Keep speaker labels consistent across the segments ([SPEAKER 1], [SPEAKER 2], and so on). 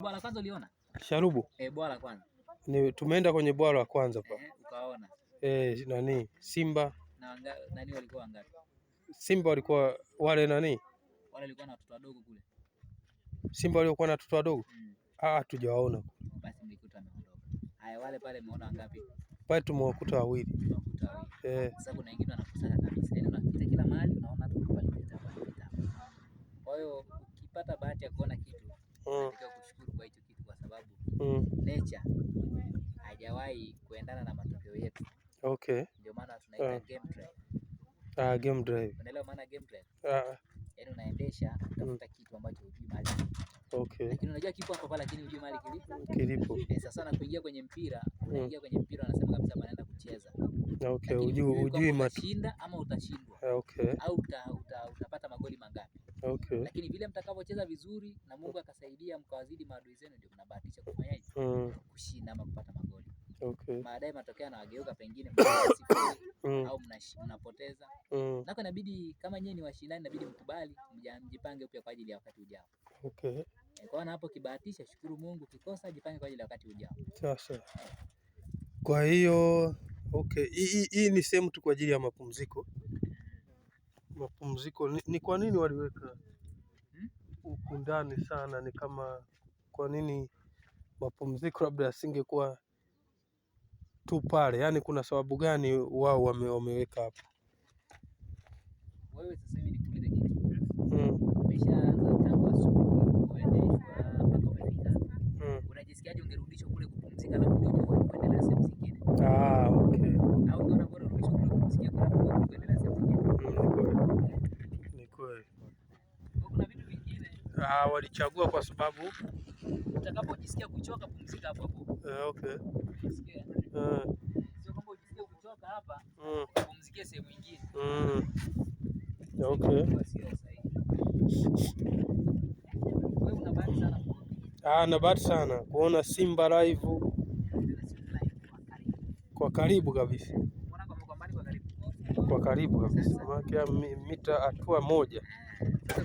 [SPEAKER 1] Bwala kwanza uliona? Sharubu. Eh, bwala kwanza.
[SPEAKER 2] Ni tumeenda kwenye bwala la kwanza pa.
[SPEAKER 1] Eh, ukaona.
[SPEAKER 2] Eh, nani? Simba.
[SPEAKER 1] Na anga, nani walikuwa wangapi?
[SPEAKER 2] Simba walikuwa wale nani?
[SPEAKER 1] Wale walikuwa na watoto wadogo kule.
[SPEAKER 2] Simba waliokuwa na watoto wadogo? Mm. Ah, tujawaona.
[SPEAKER 1] Basi mlikuta ameondoka. Haya, wale pale mmeona wangapi?
[SPEAKER 2] Pale tumewakuta wawili.
[SPEAKER 1] Tumewakuta wawili. Eh. Sasa kuna wengine wanakusanya kabisa. Yaani unapita kila mahali unaona tu pale pita pale Kwa hiyo ukipata bahati ya kuona nature haijawahi kuendana na matokeo yetu. Okay. Ndio maana tunaita uh, game drive.
[SPEAKER 2] Ah, uh, game drive.
[SPEAKER 1] Unaelewa maana game drive? Ah. yaani unaendesha utafuta mm, kitu ambacho hujui mahali. Okay. Lakini unajua kipo hapo pale lakini hujui mahali kilipo. Kilipo. Eh, sasa na kuingia kwenye mpira, unaingia mm. kwenye mpira unasema kabisa banaenda kucheza.
[SPEAKER 2] Okay, hujui hujui
[SPEAKER 1] matinda ama utashindwa. Ah, okay. Au uta, uta, utapata magoli mangapi? Okay. Lakini vile mtakavyocheza vizuri na Mungu akasaidia mkawazidi maadui zenu ndio mnabahatisha kufanyaje? Mm. Kushinda ama kupata magoli. Okay. Baadaye matokeo yanageuka, pengine hmm. au mnapoteza. Mm. Nako inabidi kama nyinyi ni washindani inabidi mkubali, mjipange upya kwa ajili ya wakati ujao. Okay. E, kwa hiyo hapo kibahatisha, shukuru Mungu, kikosa jipange kwa ajili ya wakati ujao.
[SPEAKER 2] Sasa. Kwa hiyo okay, hii ni sehemu tu kwa ajili ya mapumziko mapumziko ni, ni kwa nini waliweka hmm? huku ndani sana ni kama kwa nini mapumziko labda yasingekuwa tu pale, yaani kuna sababu gani wao wame, wameweka hapo? Wewe sasa uh, walichagua kwa sababu
[SPEAKER 1] utakapojisikia kuchoka, pumzika hapo hapo.
[SPEAKER 2] Eh, okay. Unajisikia? Yaani. Eh.
[SPEAKER 1] Sio kama unajisikia kuchoka hapa, mm. pumzikie sehemu nyingine.
[SPEAKER 2] Mm. Okay. Ah, na bahati sana kuona Simba live kwa karibu kabisa, kwa karibu kabisa, mita hatua moja. Eh,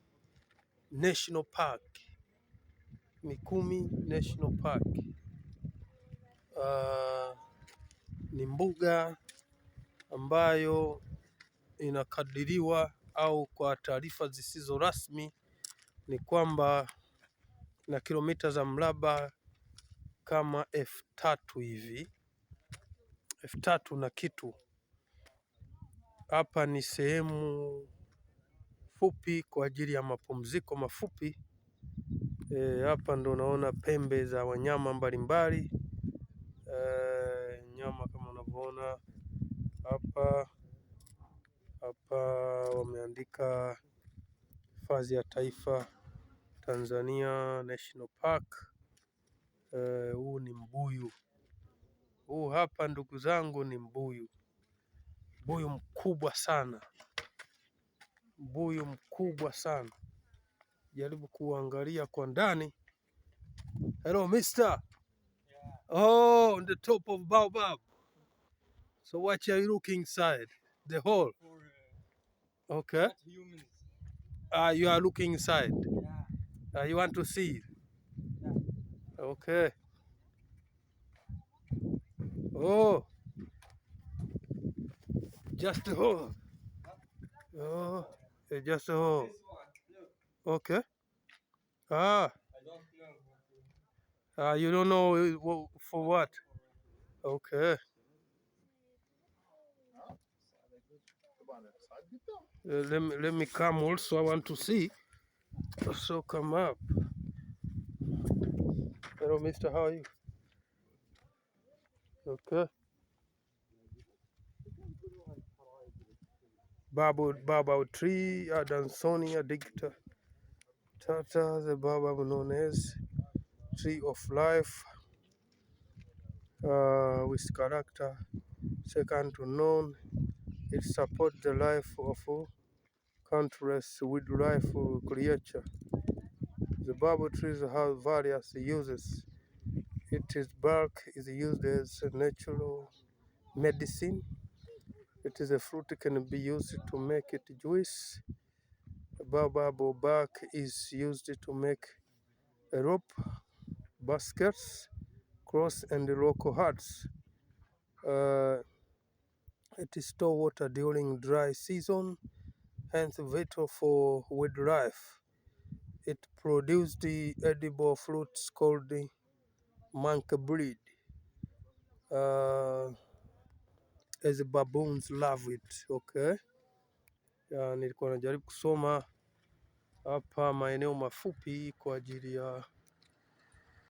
[SPEAKER 2] National Park, Mikumi National Park uh, ni mbuga ambayo inakadiriwa au kwa taarifa zisizo rasmi ni kwamba na kilomita za mraba kama elfu tatu hivi, elfu tatu na kitu. Hapa ni sehemu fupi kwa ajili ya mapumziko mafupi. E, hapa ndo unaona pembe za wanyama mbalimbali e, nyama kama unavyoona hapa hapa wameandika hifadhi ya taifa Tanzania National Park. E, huu ni mbuyu huu hapa ndugu zangu, ni mbuyu mbuyu mkubwa sana. Mbuyu mkubwa sana, jaribu kuangalia kwa ndani. Hello mister. Yeah. Oh, on the top of baobab. So what are you looking inside the hole? Uh, okay. Uh, you are looking inside. Yeah. Uh, you want to see?
[SPEAKER 3] Yeah.
[SPEAKER 2] Okay. Oh. Just the hole. Oh just so. Oh. Okay. Ah. Ah, you don't know eh, for what? Okay. Uh, let me let me come also. I want to see. So come up. Hello, Mister. How are you? Okay. Baba Tree, Adansonia Dicta, Tata, the babu known as Tree of Life, uh, with character second to none. It supports the life of countless wildlife creature. The babu trees have various uses. Its bark is used as natural medicine. It is a fruit can be used to make it juice. Baobab bark is used to make a rope, baskets, cross and rock huts. Uh, it is store water during dry season, hence vital for wildlife. It produced the edible fruits called the monk breed. Uh, as baboons love it. Okay, nilikuwa najaribu kusoma hapa maeneo mafupi kwa ajili ya